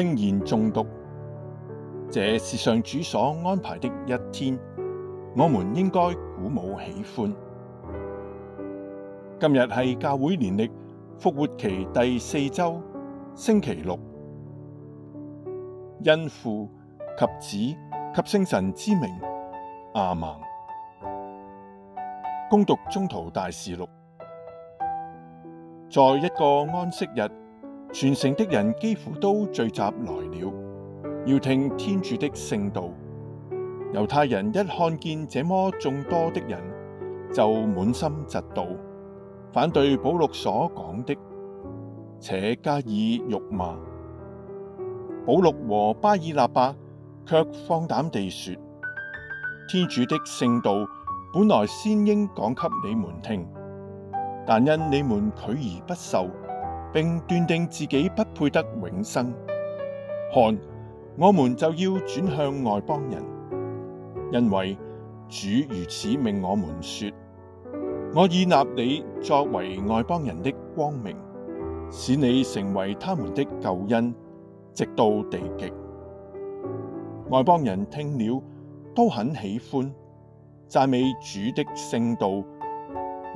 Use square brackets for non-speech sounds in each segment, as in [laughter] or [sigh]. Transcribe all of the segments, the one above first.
聖言誦讀，這是上主所安排的一天，我們應該鼓舞喜歡。今日係教會年曆復活期第四周，星期六，因父及子及聖神之名，亞孟。恭讀宗徒大事錄，在一個安息日。全城的人幾乎都聚集來了，要聽天主的聖道。猶太人一看見這麼眾多的人，就滿心嫉妒，反對保祿所講的，且加以辱罵。保祿和巴爾納伯却放膽地說：天主的聖道本來先應講給你們聽，但因你們拒而不受。並斷定自己不配得永生。看，我們就要轉向外邦人，因為主如此命我們說：我已立你作為外邦人的光明，使你成為他們的救恩，直到地極。外邦人聽了都很喜歡，讚美主的聖道。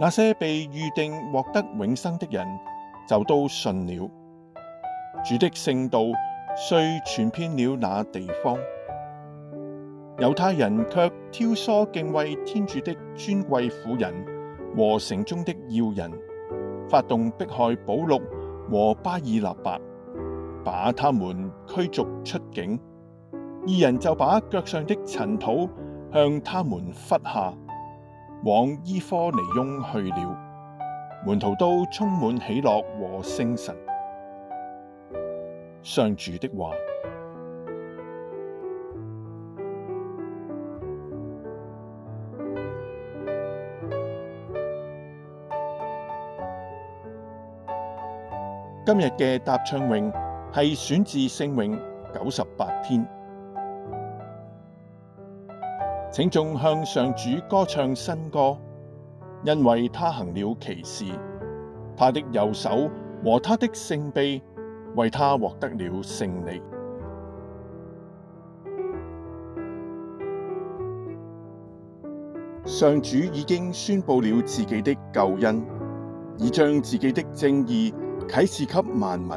那些被預定獲得永生的人，就都信了，主的聖道遂傳遍了那地方。猶太人卻挑唆敬畏天主的尊貴婦人和城中的要人，發動迫害保祿和巴爾納伯，把他們驅逐出境。二人就把腳上的塵土向他們拂下，往依科尼雍去了。門徒都充滿喜樂和聖神。上主的話，今日嘅答唱詠係選自聖詠九十八篇。請眾向上主歌唱新歌。因為他行了奇事，他的右手和他的聖臂，為他獲得了勝利。上主已經宣佈了自己的救恩，已將自己的正義啟示給萬民。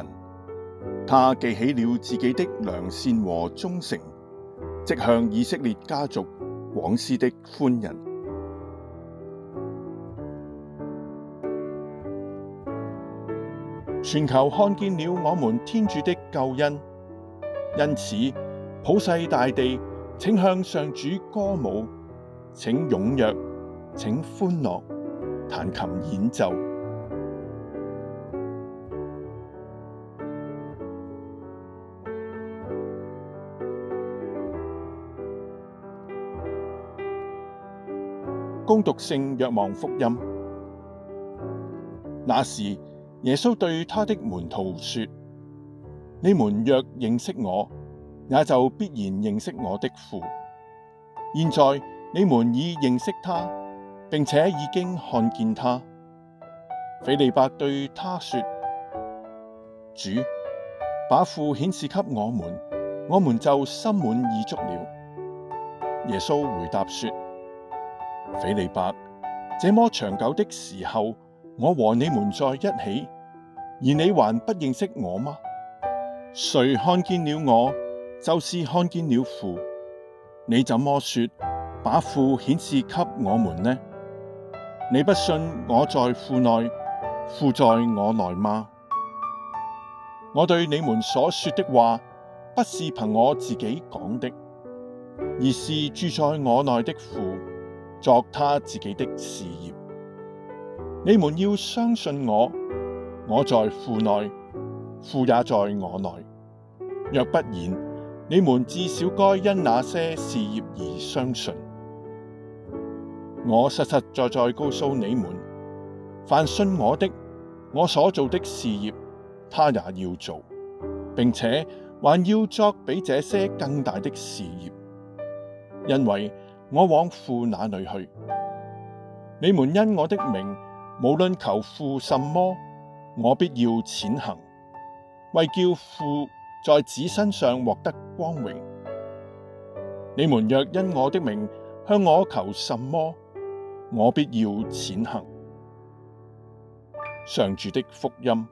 他記起了自己的良善和忠誠，即向以色列家族廣施的寬仁。全球看見了我們天主的救恩，因此，普世大地，請向上主歌舞，請踴躍，請歡樂，彈琴演奏。恭讀 [noise] 聖若望福音，那時，耶穌對他的門徒說：你們若認識我，也就必然認識我的父。現在你們已認識他，並且已經看見他。斐理伯對他說：主，把父顯示給我們，我們就心滿意足了。耶穌回答說：斐理伯，這麼長久的時候，我和你們在一起。而你還不認識我嗎？誰看見了我，就是看見了父。你怎麼說，把父顯示給我們呢？你不信我在父內，父在我內嗎？我對你們所說的話，不是憑我自己講的，而是住在我內的父，作他自己的事業。你們要相信我。我在父內，父也在我內。若不然，你們至少該因那些事業而相信。我實實在在告訴你們，凡信我的，我所做的事業，他也要做，並且還要作比這些更大的事業，因為我往父那裏去。你們因我的名無論求父什麼。我必要踐行，為叫父在子身上獲得光榮。你們若因我的名向我求什麼，我必要踐行。上主的福音。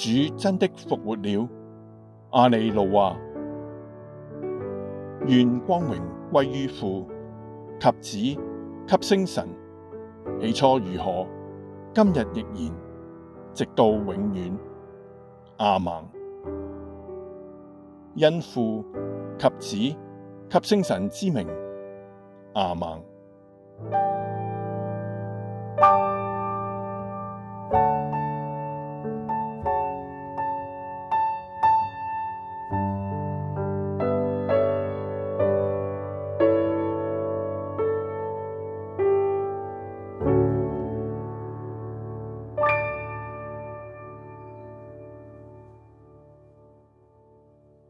主真的復活了。阿里路亞、啊，願光榮歸於父及子及聖神。起初如何，今日亦然，直到永遠。阿孟，因父及子及聖神之名。阿孟。